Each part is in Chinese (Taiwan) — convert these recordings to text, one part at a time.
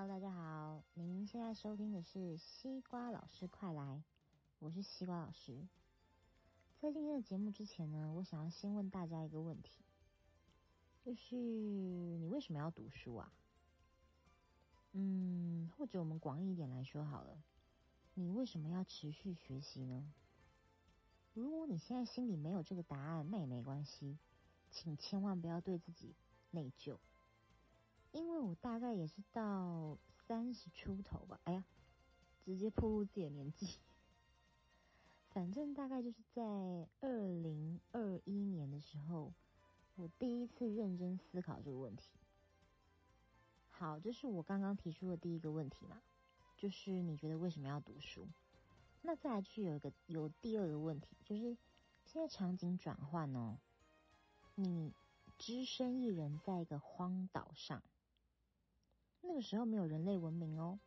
Hello，大家好，您現在收聽的是西瓜老師，快來，我是西瓜老師。在今天的節目之前呢，我想要先問大家一個問題，就是你為什麼要讀書啊？嗯，或者我們廣義一點來說好了，你為什麼要持續學習呢？如果你現在心裡沒有這個答案，那也沒關係，請千萬不要對自己內疚。因為我大概也是到三十出頭吧，哎呀，直接暴露自己的年紀。反正大概就是在二零二一年的時候，我第一次認真思考這個問題。好，這是我剛剛提出的第一個問題嘛，就是你覺得為什麼要讀書？那再來去有一個有第二個問題，就是現在場景轉換哦，你只身一人在一個荒島上。那個時候沒有人類文明哦，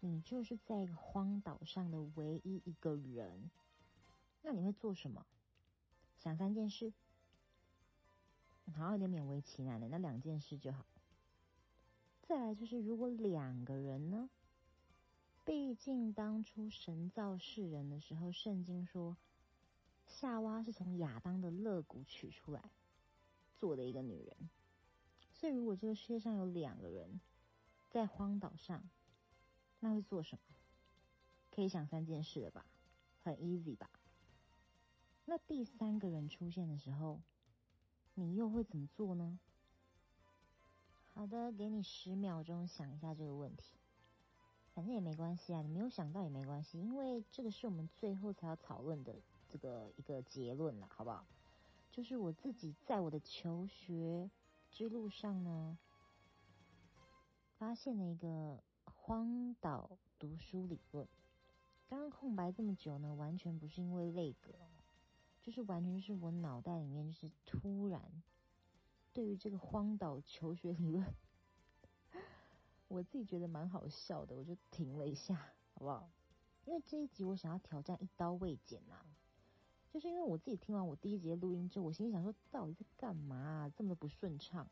你就是在一個荒島上的唯一一個人，那你會做什麼？想三件事，好，有點勉為其難的，那兩件事就好。再來就是，如果兩個人呢？畢竟當初神造世人的時候，聖經說夏娃是從亞當的肋骨取出來做的一個女人，所以如果這個世界上有兩個人。在荒島上，那會做什麼？可以想三件事了吧，很 easy 吧。那第三個人出現的時候，你又會怎麼做呢？好的，給你十秒鐘想一下這個問題，反正也沒關係啊，你沒有想到也沒關係，因為這個是我們最後才要討論的這個一個結論啦，好不好？就是我自己在我的求學之路上呢。發現了一個荒島讀書理論。剛剛空白這麼久呢，完全不是因為累格，就是完全是我腦袋裡面就是突然對於這個荒島求學理論，我自己覺得蠻好笑的，我就停了一下，好不好？因為這一集我想要挑戰一刀未剪吶、啊，就是因為我自己聽完我第一集錄音之後，我心裡想說，到底在幹嘛、啊？這麼的不順暢。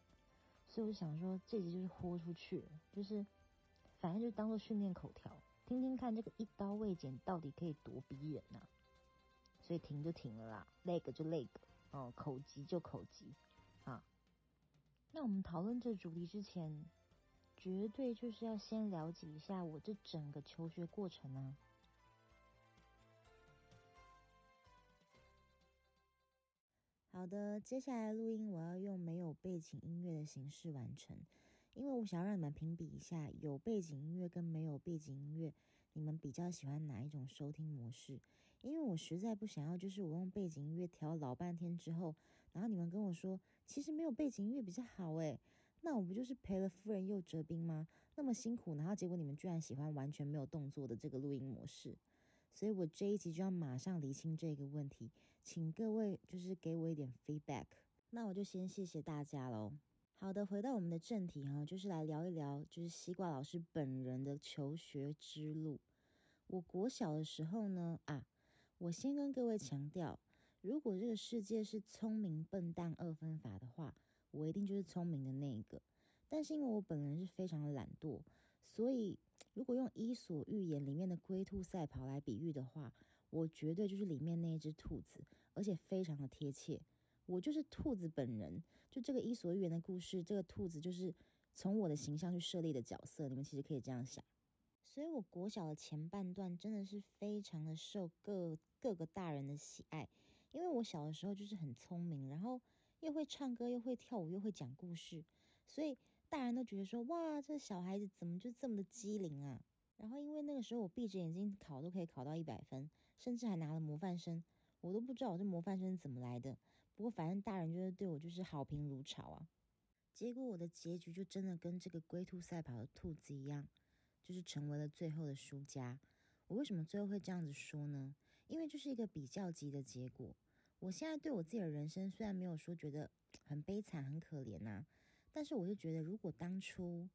所以我想說，這集就是豁出去了，就是反正就當做訓練口條，聽聽看這個一刀未剪到底可以多逼人吶、啊。所以停就停了啦，累格就累格，哦，口急就口急。啊。那我們討論這個主題之前，絕對就是要先了解一下我這整個求學過程啊。好的，接下來錄音我要用沒有背景音樂的形式完成，因為我想要讓你們評比一下有背景音樂跟沒有背景音樂，你們比較喜歡哪一種收聽模式？因為我實在不想要，就是我用背景音樂調老半天之後，然後你們跟我說其實沒有背景音樂比較好誒，那我不就是賠了夫人又折兵嗎？那麼辛苦，然後結果你們居然喜歡完全沒有動作的這個錄音模式，所以我這一集就要馬上釐清這個問題。請各位就是給我一點 feedback，那我就先謝謝大家嘍。好的，回到我們的正題哈、啊，就是來聊一聊就是西瓜老師本人的求學之路。我國小的時候呢，啊，我先跟各位強調，如果這個世界是聰明笨蛋二分法的話，我一定就是聰明的那一個。但是因為我本人是非常懶惰，所以如果用伊索寓言裡面的龜兔賽跑來比喻的話，我絕對就是裡面那一隻兔子，而且非常的貼切。我就是兔子本人。就這個《伊索寓言》的故事，這個兔子就是從我的形象去設立的角色。你們其實可以這樣想。所以，我國小的前半段真的是非常的受各各個大人的喜愛，因為我小的時候就是很聰明，然後又會唱歌，又會跳舞，又會講故事，所以大人都覺得說：“哇，這小孩子怎麼就這麼的機靈啊？”然後，因為那個時候我閉着眼睛考都可以考到一百分。甚至還拿了模範生，我都不知道我這模範生怎麼來的。不過反正大人就是對我就是好評如潮啊。結果我的結局就真的跟這個龜兔賽跑的兔子一樣，就是成為了最後的輸家。我為什麼最後會這樣子說呢？因為就是一個比較級的結果。我現在對我自己的人生雖然沒有說覺得很悲慘、很可憐吶、啊，但是我就覺得如果當初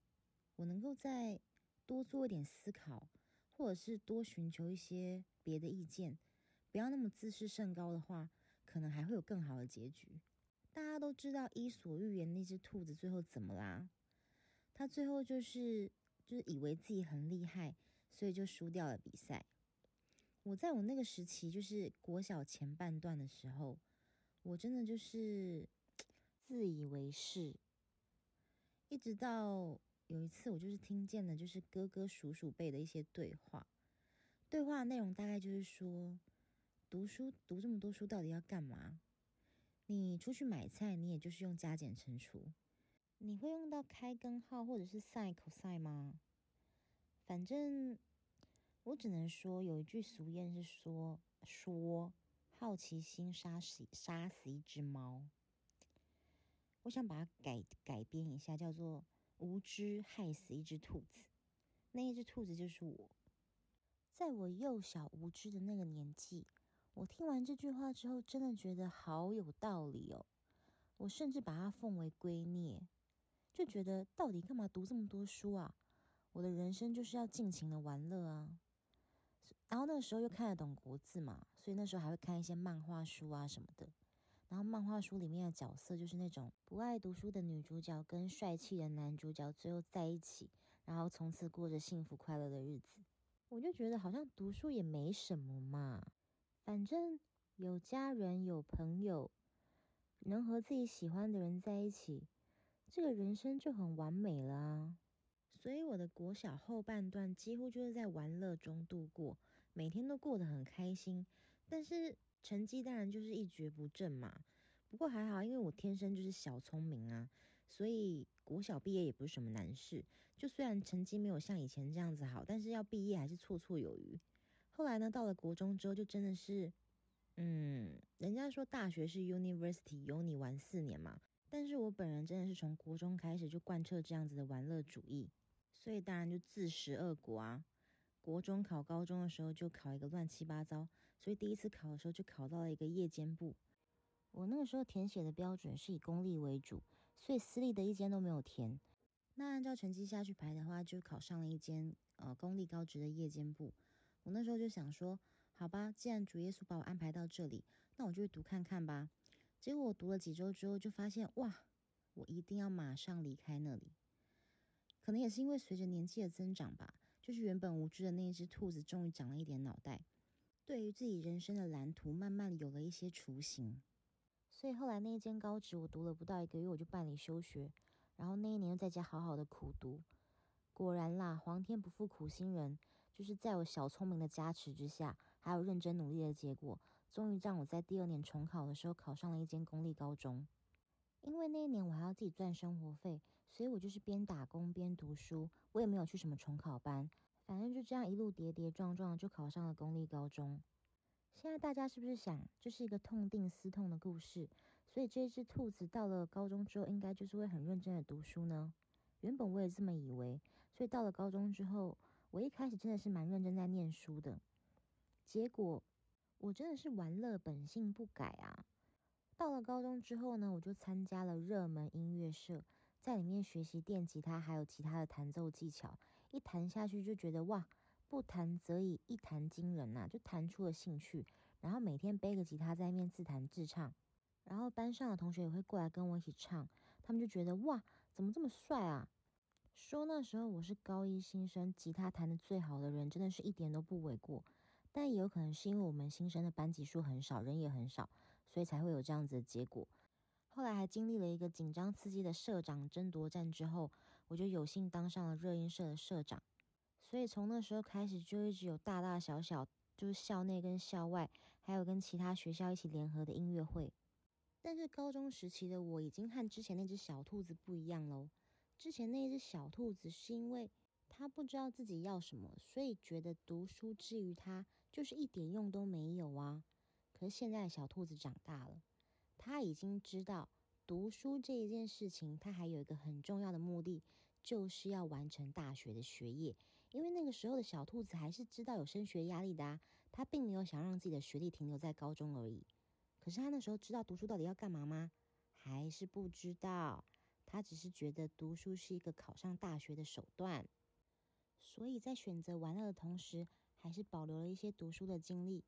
我能夠再多做一點思考。或者是多尋求一些別的意見，不要那麼自視甚高的話，可能還會有更好的結局。大家都知道《伊索寓言》那隻兔子最後怎麼啦？他最後就是就是以為自己很厲害，所以就輸掉了比賽。我在我那個時期，就是國小前半段的時候，我真的就是自以為是，一直到。有一次，我就是聽見了，就是哥哥、叔叔輩的一些對話。對話的內容大概就是說：“讀書讀這麼多書，到底要幹嘛？”你出去買菜，你也就是用加減乘除，你會用到開根號或者是賽口塞嗎？反正我只能說，有一句俗諺是說：“說好奇心殺死殺死一隻貓。”我想把它改改編一下，叫做。無知害死一隻兔子，那一隻兔子就是我。在我幼小無知的那個年紀，我聽完這句話之後，真的覺得好有道理哦、喔。我甚至把它奉為圭臬，就覺得到底幹嘛讀這麼多書啊？我的人生就是要盡情的玩樂啊。然後那個時候又看得懂國字嘛，所以那時候還會看一些漫畫書啊什麼的。然後漫畫書裡面的角色就是那種不愛讀書的女主角跟帥氣的男主角最後在一起，然後從此過着幸福快樂的日子。我就覺得好像讀書也沒什麼嘛，反正有家人、有朋友，能和自己喜歡的人在一起，這個人生就很完美了啊。所以我的國小後半段幾乎就是在玩樂中度過，每天都過得很開心，但是成績當然就是一蹶不振嘛，不過還好，因為我天生就是小聰明啊，所以國小畢業也不是什麼難事。就雖然成績沒有像以前這樣子好，但是要畢業還是綽綽有餘。後來呢，到了國中之後，就真的是，嗯，人家說大學是 university，由你玩四年嘛，但是我本人真的是從國中開始就貫徹這樣子的玩樂主義，所以當然就自食惡果啊。國中考高中的時候就考一個亂七八糟，所以第一次考的時候就考到了一個夜間部。我那個時候填寫的標準是以公立為主，所以私立的一間都沒有填。那按照成績下去排的話，就考上了一間呃公立高職的夜間部。我那時候就想說，好吧，既然主耶穌把我安排到這裡，那我就去讀看看吧。結果我讀了幾周之後，就發現，哇，我一定要馬上離開那裡。可能也是因為隨着年紀的增長吧。就是原本無知的那一隻兔子，終於長了一點腦袋，對於自己人生的藍圖，慢慢有了一些雛形。所以後來那一間高職我讀了不到一個月，我就辦理休學，然後那一年又在家好好的苦讀。果然啦，皇天不負苦心人，就是在我小聰明的加持之下，還有認真努力的結果，終於讓我在第二年重考的時候，考上了一間公立高中。因為那一年我還要自己賺生活費，所以我就是邊打工邊讀書，我也沒有去什麼重考班，反正就這樣一路跌跌撞撞就考上了公立高中。現在大家是不是想這、就是一個痛定思痛的故事？所以這只兔子到了高中之後，應該就是會很認真的讀書呢？原本我也這麼以為，所以到了高中之後，我一開始真的是蠻認真在念書的，結果我真的是玩樂本性不改啊。到了高中之後呢，我就參加了熱門音樂社，在裡面學習電吉他，還有其他的彈奏技巧。一彈下去就覺得哇，不彈則已，一彈驚人吶、啊，就彈出了興趣。然後每天背個吉他在面自彈自唱，然後班上的同學也會過來跟我一起唱，他們就覺得哇，怎麼這麼帥啊？說那時候我是高一新生，吉他彈得最好的人，真的是一點都不為過。但也有可能是因為我們新生的班級數很少，人也很少。所以才會有這樣子的結果。後來還經歷了一個緊張刺激的社長爭奪戰之後，我就有幸當上了熱音社的社長。所以從那時候開始，就一直有大大小小，就是校內跟校外，還有跟其他學校一起聯合的音樂會。但是高中時期的我已經和之前那隻小兔子不一樣嘍。之前那隻小兔子是因為他不知道自己要什麼，所以覺得讀書之於他就是一點用都沒有啊。可是現在的小兔子長大了，他已經知道讀書這一件事情，他還有一個很重要的目的，就是要完成大學的學業。因為那個時候的小兔子還是知道有升學壓力的啊，他並沒有想讓自己的學歷停留在高中而已。可是他那時候知道讀書到底要幹嘛嗎？還是不知道，他只是覺得讀書是一個考上大學的手段。所以在選擇玩樂的同時，還是保留了一些讀書的精力。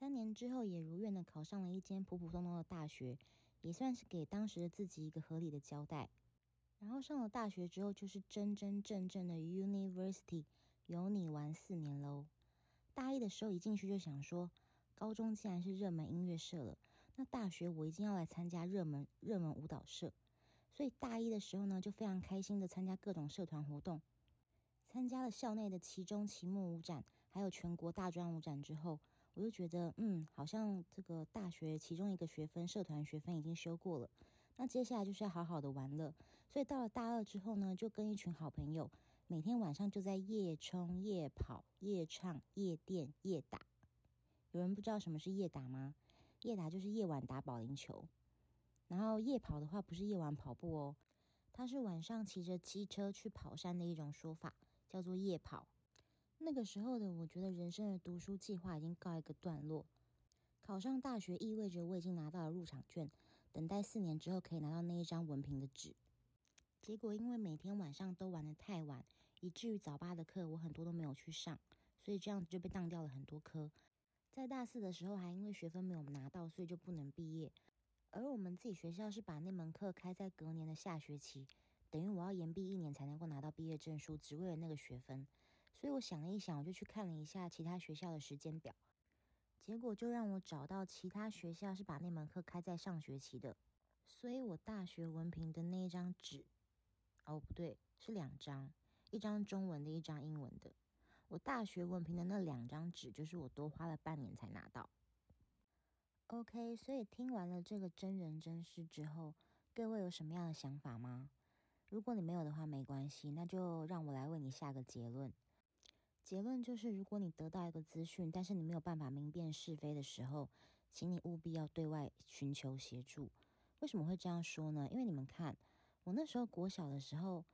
三年之後，也如願的考上了一間普普通通的大學，也算是給當時的自己一個合理的交代。然後上了大學之後，就是真真正正的 University，有你玩四年嘍、哦。大一的時候，一進去就想說，高中既然是熱門音樂社了，那大學我一定要來參加熱門熱門舞蹈社。所以大一的時候呢，就非常開心的參加各種社團活動，參加了校內的期中、期末舞展，還有全國大專舞展之後。我就覺得，嗯，好像這個大學其中一個學分社團學分已經修過了，那接下來就是要好好的玩樂。所以到了大二之後呢，就跟一群好朋友，每天晚上就在夜衝、夜跑、夜唱、夜店、夜打。有人不知道什麼是夜打嗎？夜打就是夜晚打保齡球。然後夜跑的話，不是夜晚跑步哦，它是晚上騎着機車去跑山的一種說法，叫做夜跑。那個時候的我覺得人生的讀書計劃已經告一個段落，考上大學意味着我已經拿到了入場券，等待四年之後可以拿到那一張文憑的紙。結果因為每天晚上都玩得太晚，以至於早八的課我很多都沒有去上，所以這樣子就被當掉了很多科。在大四的時候還因為學分沒有拿到，所以就不能畢業。而我們自己學校是把那門課開在隔年的下學期，等於我要延畢一年才能夠拿到畢業證書，只為了那個學分。所以我想了一想，我就去看了一下其他學校的時間表，結果就讓我找到其他學校是把那門課開在上學期的。所以我大學文憑的那一張紙，哦，不對，是兩張，一張中文的，一張英文的。我大學文憑的那兩張紙，就是我多花了半年才拿到。OK，所以聽完了這個真人真事之後，各位有什麼樣的想法嗎？如果你沒有的話，沒關係，那就讓我來為你下個結論。結論就是，如果你得到一個資訊，但是你沒有辦法明辨是非的時候，請你務必要對外尋求協助。為什麼會這樣說呢？因為你們看，我那時候國小的時候，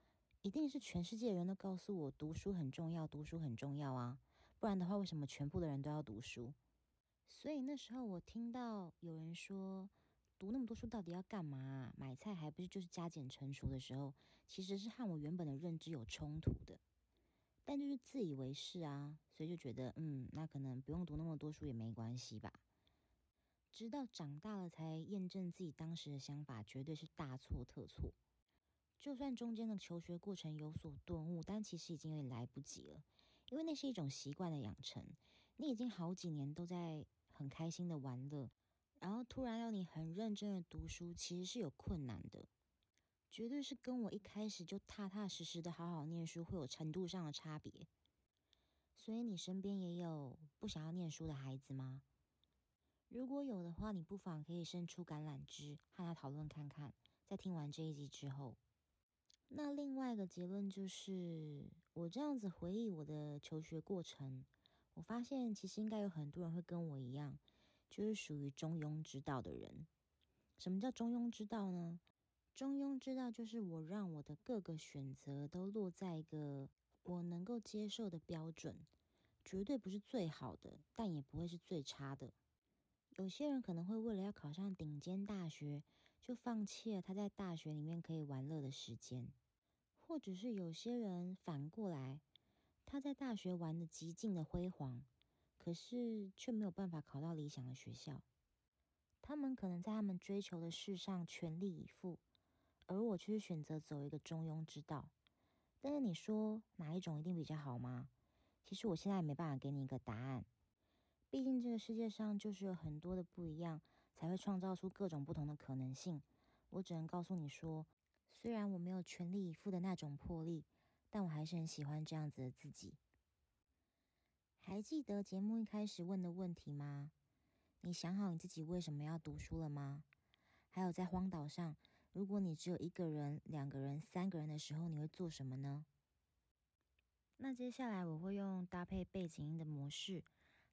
一定是全世界人都告訴我讀書很重要，讀書很重要啊。不然的話，為什麼全部的人都要讀書？所以那時候我聽到有人說，讀那麼多書到底要幹嘛啊？買菜還不是就是加減乘除的時候，其實是和我原本的認知有衝突的。但就是自以為是啊，所以就覺得，嗯，那可能不用讀那麼多書也沒關係吧。直到長大了才驗證自己當時的想法，絕對是大錯特錯。就算中間的求學過程有所頓悟，但其實已經有點來不及了，因為那是一種習慣的養成，你已經好幾年都在很開心的玩樂，然後突然要你很認真的讀書，其實是有困難的。絕對是跟我一開始就踏踏實實的好好念書會有程度上的差別，所以你身邊也有不想要念書的孩子嗎？如果有的話，你不妨可以伸出橄欖枝和他討論看看。在聽完這一集之後，那另外一個結論就是，我這樣子回憶我的求學過程，我發現其實應該有很多人會跟我一樣，就是屬於中庸之道的人。什麼叫中庸之道呢？中庸之道就是我讓我的各個選擇都落在一個我能夠接受的標準，絕對不是最好的，但也不會是最差的。有些人可能會為了要考上頂尖大學，就放棄了他在大學裡面可以玩樂的時間，或者是有些人反過來，他在大學玩得極盡的輝煌，可是卻沒有辦法考到理想的學校。他們可能在他們追求的事上全力以赴。而我卻是選擇走一個中庸之道，但是你說哪一種一定比較好嗎？其實我現在也沒辦法給你一個答案，畢竟這個世界上就是有很多的不一樣，才會創造出各種不同的可能性。我只能告訴你說，雖然我沒有全力以赴的那種魄力，但我還是很喜歡這樣子的自己。還記得節目一開始問的問題嗎？你想好你自己為什麼要讀書了嗎？還有在荒島上。如果你只有一個人、兩個人、三個人的時候，你會做什麼呢？那接下來我會用搭配背景音的模式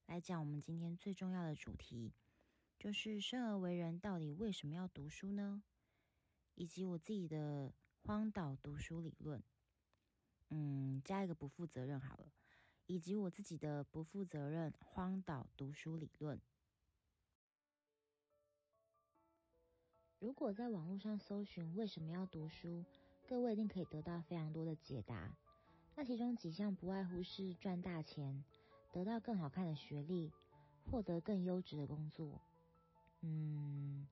來講我們今天最重要的主題，就是生而為人到底為什麼要讀書呢？以及我自己的荒島讀書理論，嗯，加一個不負責任好了，以及我自己的不負責任荒島讀書理論。如果在網絡上搜尋為什麼要讀書，各位一定可以得到非常多的解答。那其中幾項不外乎是賺大錢、得到更好看的學歷、獲得更優質的工作。嗯，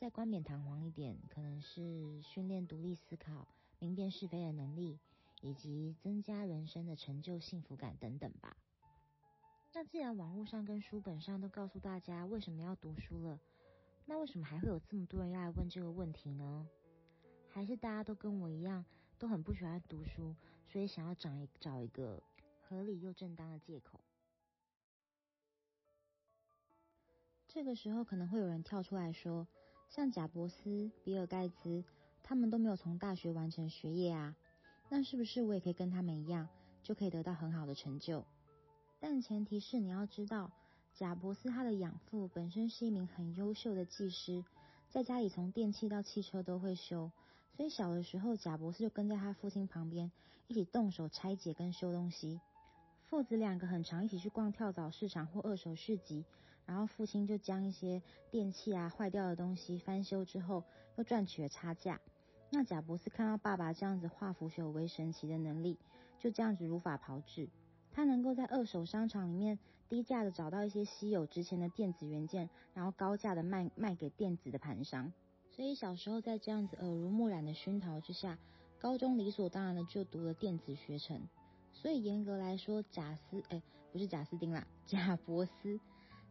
再冠冕堂皇一點，可能是訓練獨立思考、明辨是非的能力，以及增加人生的成就、幸福感等等吧。那既然網絡上跟書本上都告訴大家為什麼要讀書了。那為什麼還會有這麼多人要來問這個問題呢？還是大家都跟我一樣，都很不喜歡讀書，所以想要找一找一個合理又正當的借口？這個時候可能會有人跳出來說，像賈伯斯、比爾蓋茨，他們都沒有從大學完成學業啊，那是不是我也可以跟他們一樣，就可以得到很好的成就？但前提是你要知道。賈伯斯他的養父本身是一名很優秀的技師，在家裡從電器到汽車都會修，所以小的時候賈伯斯就跟在他父親旁邊一起動手拆解跟修東西。父子兩個很常一起去逛跳蚤市場或二手市集，然後父親就將一些電器啊壞掉的東西翻修之後，又賺取了差價。那賈伯斯看到爸爸這樣子化腐朽為神奇的能力，就這樣子如法炮製，他能夠在二手商場裡面低價的找到一些稀有值錢的電子元件，然後高價的賣賣給電子的盤商。所以小時候在這樣子耳濡目染的熏陶之下，高中理所當然的就讀了電子學程。所以嚴格來說，賈斯誒、欸、不是賈斯汀啦，賈伯斯，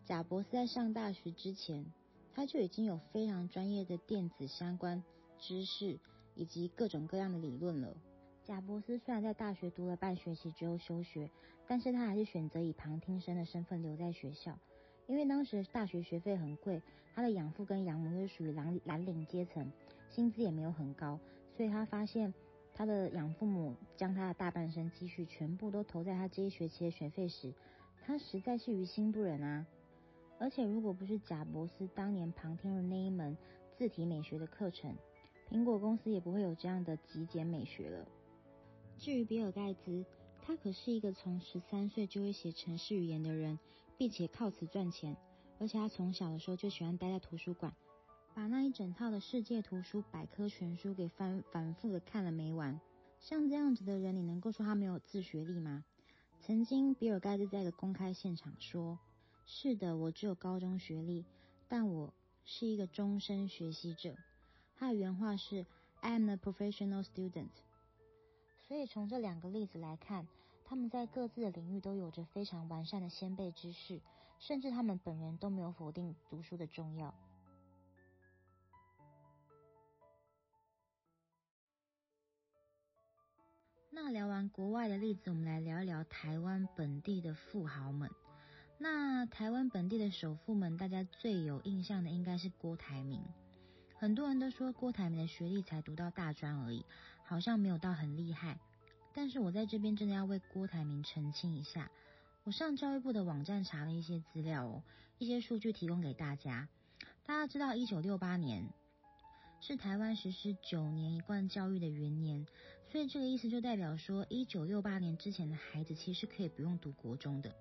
賈伯斯在上大學之前，他就已經有非常專業的電子相關知識以及各種各樣的理論了。賈伯斯雖然在大學讀了半學期之後休學。但是他還是選擇以旁聽生的身份留在學校，因為當時大學學費很貴，他的養父跟養母是屬於藍藍領階層，薪資也沒有很高，所以他發現他的養父母將他的大半生積蓄全部都投在他這一學期的學費時，他實在是於心不忍啊！而且如果不是賈伯斯當年旁聽了那一門字體美學的課程，蘋果公司也不會有這樣的極簡美學了。至於比爾蓋茨。他可是一個從十三歲就會寫程式語言的人，並且靠此賺錢，而且他從小的時候就喜歡待在圖書館，把那一整套的世界圖書百科全書給翻反，反覆的看了沒完。像這樣子的人，你能夠說他沒有自學歷嗎？曾經比爾蓋茨在一個公開現場說：“是的，我只有高中學歷，但我是一個終身學習者。”他的原話是：“I'm a professional student。”所以從這兩個例子來看。他們在各自的領域都有着非常完善的先備知識，甚至他們本人都沒有否定讀書的重要。那聊完國外的例子，我們來聊一聊台灣本地的富豪們。那台灣本地的首富們，大家最有印象的應該是郭台銘。很多人都說郭台銘的學歷才讀到大專而已，好像沒有到很厲害。但是我在這邊真的要為郭台銘澄清一下。我上教育部的網站查了一些資料哦，一些數據提供給大家。大家知道，一九六八年是台灣實施九年一貫教育的元年，所以這個意思就代表說，一九六八年之前的孩子其實可以不用讀國中的。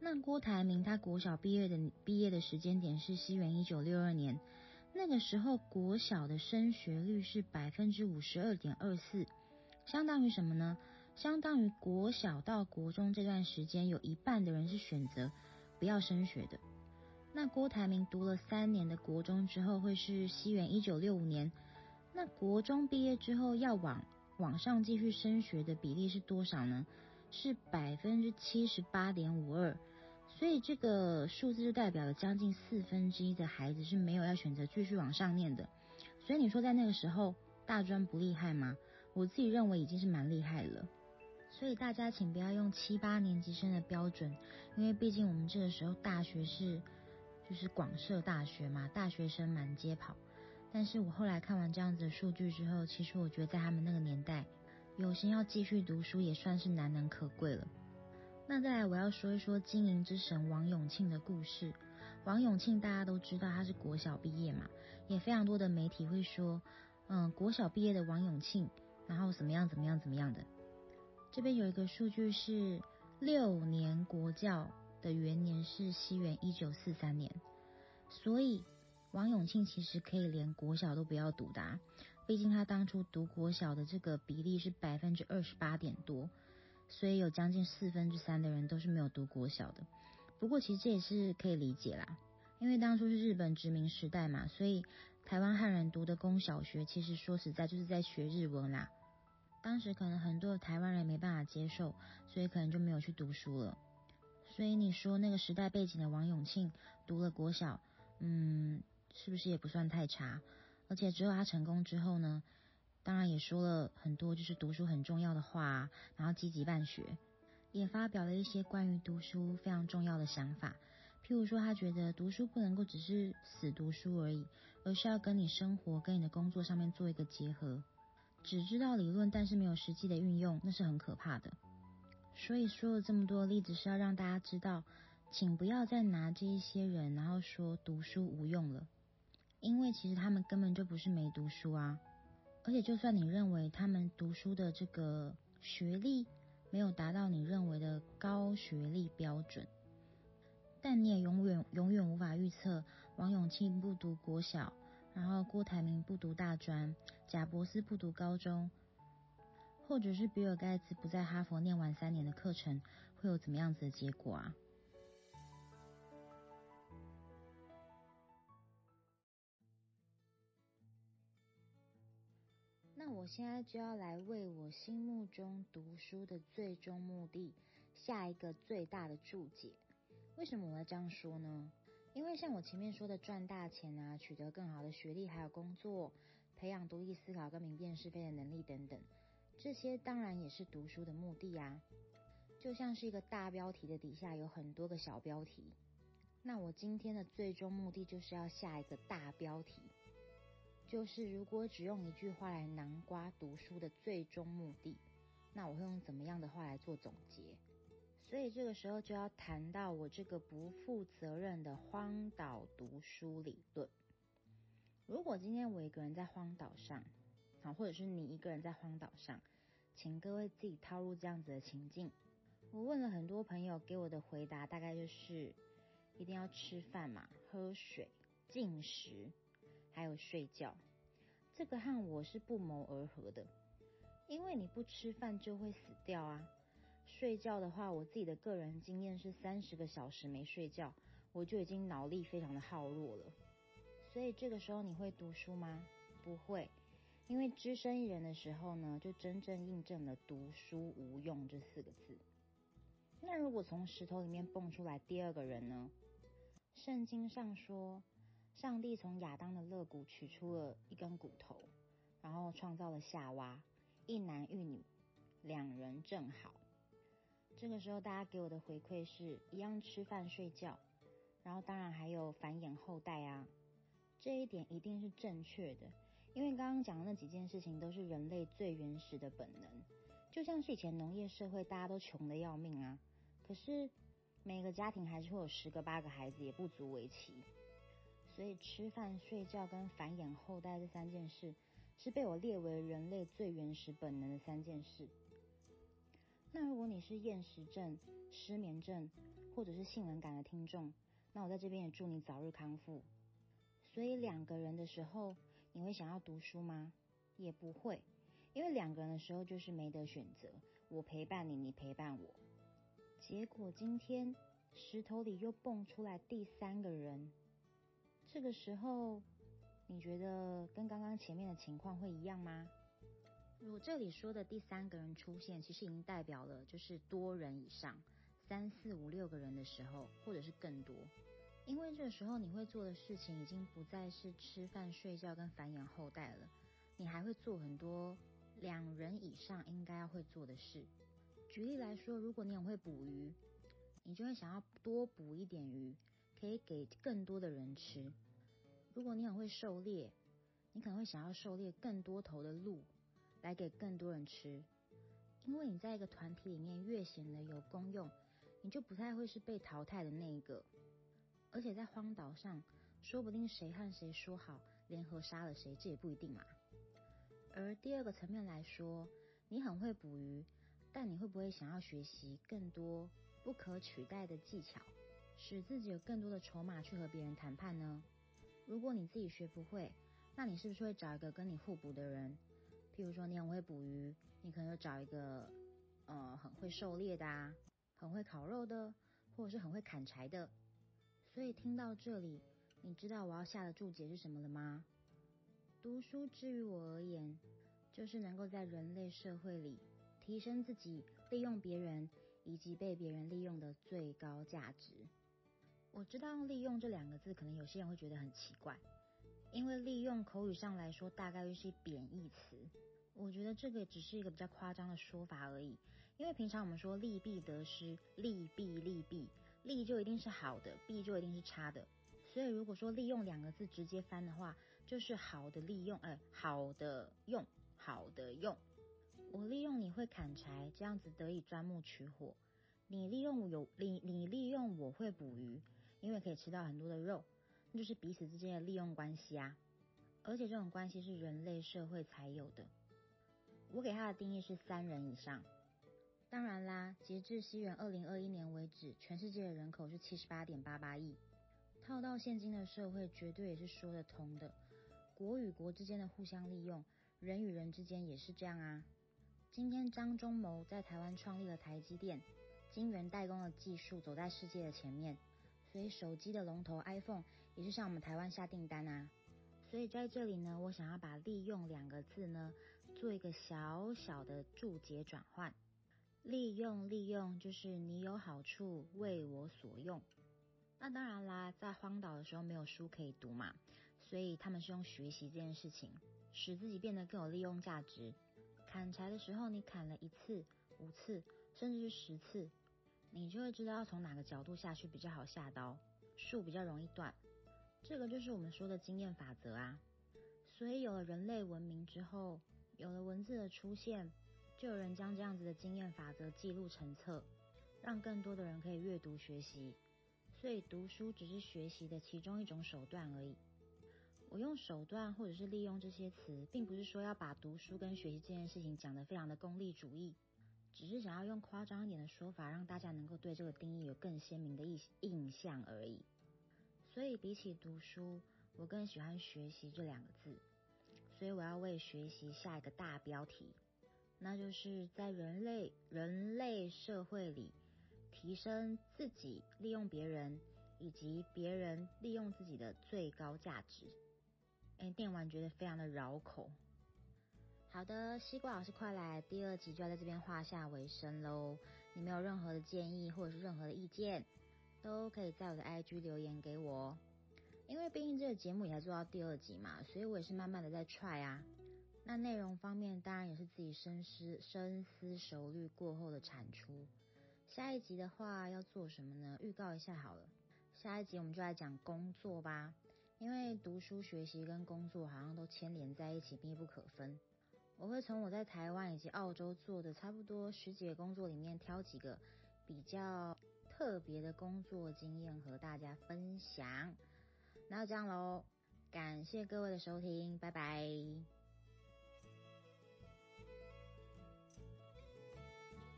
那郭台銘他國小畢業的畢業的時間點是西元一九六二年，那個時候國小的升學率是百分之五十二點二四。相當於什麼呢？相當於國小到國中這段時間，有一半的人是選擇不要升學的。那郭台銘讀了三年的國中之後，會是西元一九六五年。那國中畢業之後要往往上繼續升學的比例是多少呢？是百分之七十八點五二。所以這個數字就代表了將近四分之一的孩子是沒有要選擇繼續往上念的。所以你說在那個時候，大專不厲害嗎？我自己認為已經是蠻厲害了，所以大家請不要用七八年級生的標準，因為畢竟我們這個時候大學是就是廣設大學嘛，大學生滿街跑。但是我後來看完這樣子的數據之後，其實我覺得在他們那個年代，有心要繼續讀書也算是難能可貴了。那再來我要說一說經營之神王永慶的故事。王永慶大家都知道他是國小畢業嘛，也非常多的媒體會說，嗯，國小畢業的王永慶。然後怎麼樣？怎麼樣？怎麼樣的？這邊有一個數據是六年國教的元年是西元一九四三年，所以王永慶其實可以連國小都不要讀的啊，畢竟他當初讀國小的這個比例是百分之二十八點多，所以有將近四分之三的人都是沒有讀國小的。不過其實這也是可以理解啦，因為當初是日本殖民時代嘛，所以台灣漢人讀的公小學其實說實在就是在學日文啦。當時可能很多台灣人沒辦法接受，所以可能就沒有去讀書了。所以你說那個時代背景的王永慶讀了國小，嗯，是不是也不算太差？而且只有他成功之後呢，當然也說了很多就是讀書很重要的話啊，然後積極辦學，也發表了一些關於讀書非常重要的想法。譬如說，他覺得讀書不能夠只是死讀書而已，而是要跟你生活、跟你的工作上面做一個結合。只知道理論，但是沒有實際的運用，那是很可怕的。所以說了這麼多例子，是要讓大家知道，請不要再拿這一些人，然後說讀書無用了。因為其實他們根本就不是沒讀書啊。而且就算你認為他們讀書的這個學歷沒有達到你認為的高學歷標準，但你也永遠永遠無法預測王永慶不讀國小。然後，郭台銘不讀大專，賈伯斯不讀高中，或者是比爾蓋茨不在哈佛念完三年的課程，會有怎麼樣子的結果啊？那我現在就要來為我心目中讀書的最終目的下一個最大的注解。為什麼我要這樣說呢？因為像我前面說的，賺大錢啊，取得更好的學歷，還有工作，培養獨立思考跟明辨是非的能力等等，這些當然也是讀書的目的啊。就像是一個大標題的底下有很多個小標題，那我今天的最終目的就是要下一個大標題，就是如果只用一句話來囊括讀書的最終目的，那我會用怎麼樣的話來做總結？所以這個時候就要談到我這個不負責任的荒島讀書理論。如果今天我一個人在荒島上，或者是你一個人在荒島上，請各位自己套入這樣子的情境。我問了很多朋友，給我的回答大概就是一定要吃飯嘛、喝水、進食，還有睡覺。這個和我是不謀而合的，因為你不吃飯就會死掉啊。睡覺的話，我自己的個人經驗是三十個小時沒睡覺，我就已經腦力非常的耗弱了。所以這個時候你會讀書嗎？不會，因為只身一人的時候呢，就真正印證了“讀書無用”這四個字。那如果從石頭裡面蹦出來第二個人呢？聖經上說，上帝從亞當的肋骨取出了一根骨頭，然後創造了夏娃，一男一女，兩人正好。這個時候，大家給我的回饋是一樣吃飯睡覺，然後當然還有繁衍後代啊。這一點一定是正確的，因為剛剛講的那幾件事情都是人類最原始的本能。就像是以前農業社會，大家都窮得要命啊，可是每個家庭還是會有十個八個孩子，也不足為奇。所以吃飯、睡覺跟繁衍後代這三件事，是被我列為人類最原始本能的三件事。那如果你是厭食症、失眠症，或者是性冷感的聽眾，那我在這邊也祝你早日康復。所以兩個人的時候，你會想要讀書嗎？也不會，因為兩個人的時候就是沒得選擇，我陪伴你，你陪伴我。結果今天石頭裡又蹦出來第三個人，這個時候你覺得跟剛剛前面的情況會一樣嗎？我這裡說的第三個人出現，其實已經代表了就是多人以上，三四五六個人的時候，或者是更多，因為這時候你會做的事情已經不再是吃飯睡覺跟繁衍後代了，你還會做很多兩人以上應該要會做的事。舉例來說，如果你很會捕魚，你就會想要多捕一點魚，可以給更多的人吃；如果你很會狩獵，你可能會想要狩獵更多頭的鹿。來給更多人吃，因為你在一個團體裡面越顯得有功用，你就不太會是被淘汰的那一個。而且在荒島上，說不定誰和誰說好聯合殺了誰，這也不一定嘛啊。而第二個層面來說，你很會捕魚，但你會不會想要學習更多不可取代的技巧，使自己有更多的籌碼去和別人談判呢？如果你自己學不會，那你是不是會找一個跟你互補的人？比如說，你很會捕魚，你可能要找一個，呃，很會狩獵的啊，很會烤肉的，或者是很會砍柴的。所以聽到這裡，你知道我要下的注解是什麼了嗎？讀書之於我而言，就是能夠在人類社會裡提升自己、利用別人以及被別人利用的最高價值。我知道“利用”這兩個字，可能有些人會覺得很奇怪，因為“利用”口語上來說，大概率是貶義詞。我覺得這個只是一個比較誇張的說法而已，因為平常我們說利弊得失、利弊利弊，利就一定是好的，弊就一定是差的。所以如果說利用兩個字直接翻的話，就是好的利用，哎、呃，好的用，好的用。我利用你會砍柴，這樣子得以鑽木取火；你利用有你，你利用我會捕魚，因為可以吃到很多的肉，那就是彼此之間的利用關係啊。而且這種關係是人類社會才有的。我給他的定義是三人以上。當然啦，截至西元二零二一年為止，全世界的人口是七十八點八八億。套到現今的社會，絕對也是說得通的。國與國之間的互相利用，人與人之間也是這樣啊。今天張忠謀在台灣創立了台積電，晶圓代工的技術走在世界的前面，所以手機的龍頭 iPhone 也是向我們台灣下訂單啊。所以在這裡呢，我想要把“利用”兩個字呢。做一個小小的注解轉換，利用利用就是你有好處為我所用。那當然啦，在荒島的時候沒有書可以讀嘛，所以他們是用學習這件事情，使自己變得更有利用價值。砍柴的時候，你砍了一次、五次，甚至是十次，你就會知道要從哪個角度下去比較好下刀，樹比較容易斷。這個就是我們說的經驗法則啊。所以有了人類文明之後。有了文字的出現，就有人將這樣子的經驗法則記錄成冊，讓更多的人可以閱讀學習。所以讀書只是學習的其中一種手段而已。我用手段或者是利用這些詞，並不是說要把讀書跟學習這件事情講得非常的功利主義，只是想要用誇張一點的說法，讓大家能夠對這個定義有更鮮明的印印象而已。所以比起讀書，我更喜歡學習這兩個字。所以我要為學習下一個大標題，那就是在人類人類社會裡提升自己、利用別人以及別人利用自己的最高價值。哎、欸，念完覺得非常的繞口。好的，西瓜老師快來，第二集就要在這邊畫下尾聲嘍。你沒有任何的建議或者是任何的意見，都可以在我的 IG 留言給我。因為畢竟這個節目也才做到第二集嘛，所以我也是慢慢的在 try 啊。那內容方面，當然也是自己深思深思熟慮過後的產出。下一集的話，要做什麼呢？預告一下好了，下一集我們就來講工作吧。因為讀書學習跟工作好像都牽連在一起，密不可分。我會從我在台灣以及澳洲做的差不多十幾個工作裡面，挑幾個比較特別的工作經驗和大家分享。那就這樣嘍，感謝各位的收聽，拜拜。